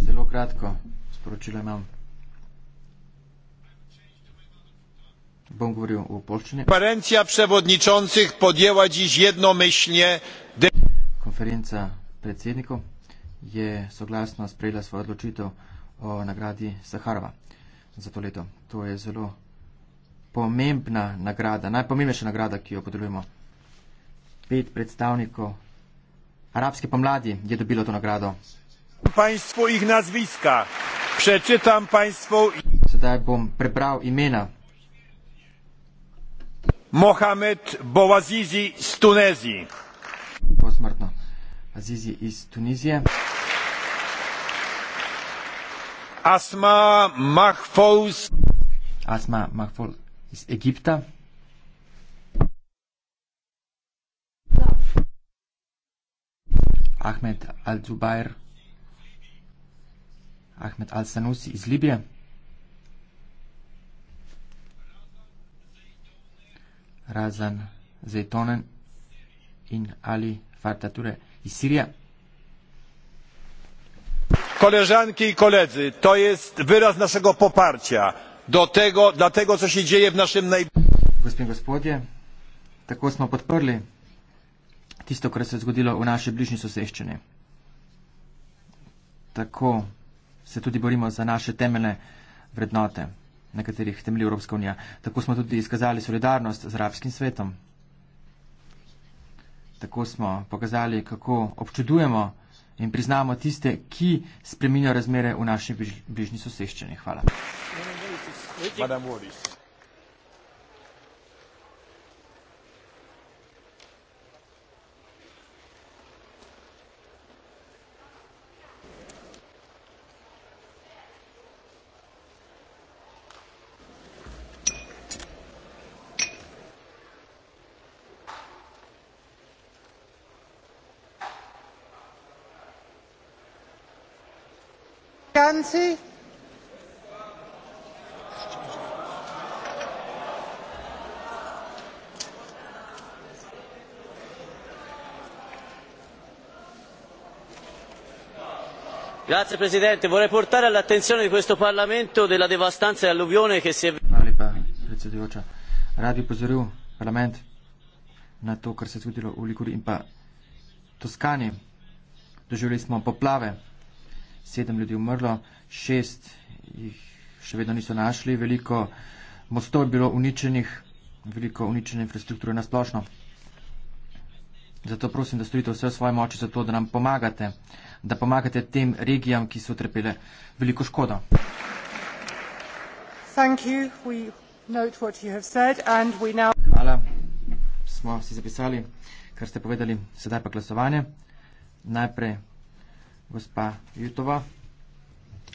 zelo kratko sporočilo imam bom govoril o polščini konferencija predsednikov je soglasno sprejela svojo odločitev o nagradi za saharova za to leto to je zelo pomembno odločitev o nagradi saharova za to leto to je zelo pomembna nagrada najpomembnejša nagrada ki jo podeljujemo pet predstavnikov arabske pomladi je dobilo to nagrado. Państwo ich nazwiska. Przeczytam Państwu. Zdaj bom prebral imena. Mohamed Bouazizi z Tunezji. Posmrtno. Azizi iz Tunizije. Asma Mahfouz. Asma Mahfouz iz Egipta. Ahmed al-Zubair, Ahmed al-Sanusi iz Libije. Razan Zaytonen in Ali Fartature iz Sirije. Koleżanki i koledzy, to jest wyraz naszego poparcia do tego, dla tego, co się dzieje w naszym najbliższym. Gospodzie, tak osmo podporli tisto, kar se je zgodilo v naši bližnji soseščini. Tako se tudi borimo za naše temeljne vrednote, na katerih temelji Evropska unija. Tako smo tudi izkazali solidarnost z arabskim svetom. Tako smo pokazali, kako občudujemo in priznamo tiste, ki spreminjajo razmere v naši bližnji soseščini. Hvala. Madame Wallis. Ganzi. Grazie Presidente, vorrei portare all'attenzione di questo Parlamento della devastanza e alluvione che si è... Hvala lepa, predsedujoča. Rad bi pozoril parlament na to, kar se je zgodilo v Likuri in pa Toskani. Doživeli smo poplave sedem ljudi umrlo, šest jih še vedno niso našli, veliko mostov je bilo uničenih, veliko uničene infrastrukture nasplošno. Zato prosim, da storite vse v svoji moči za to, da nam pomagate, da pomagate tem regijam, ki so trpele veliko škodo. Hvala, smo si zapisali, kar ste povedali, sedaj pa glasovanje. Najprej gospa Jutova.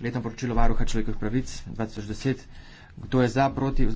Letno poročilo Varuha človekovih pravic 2010. Kdo je za, proti?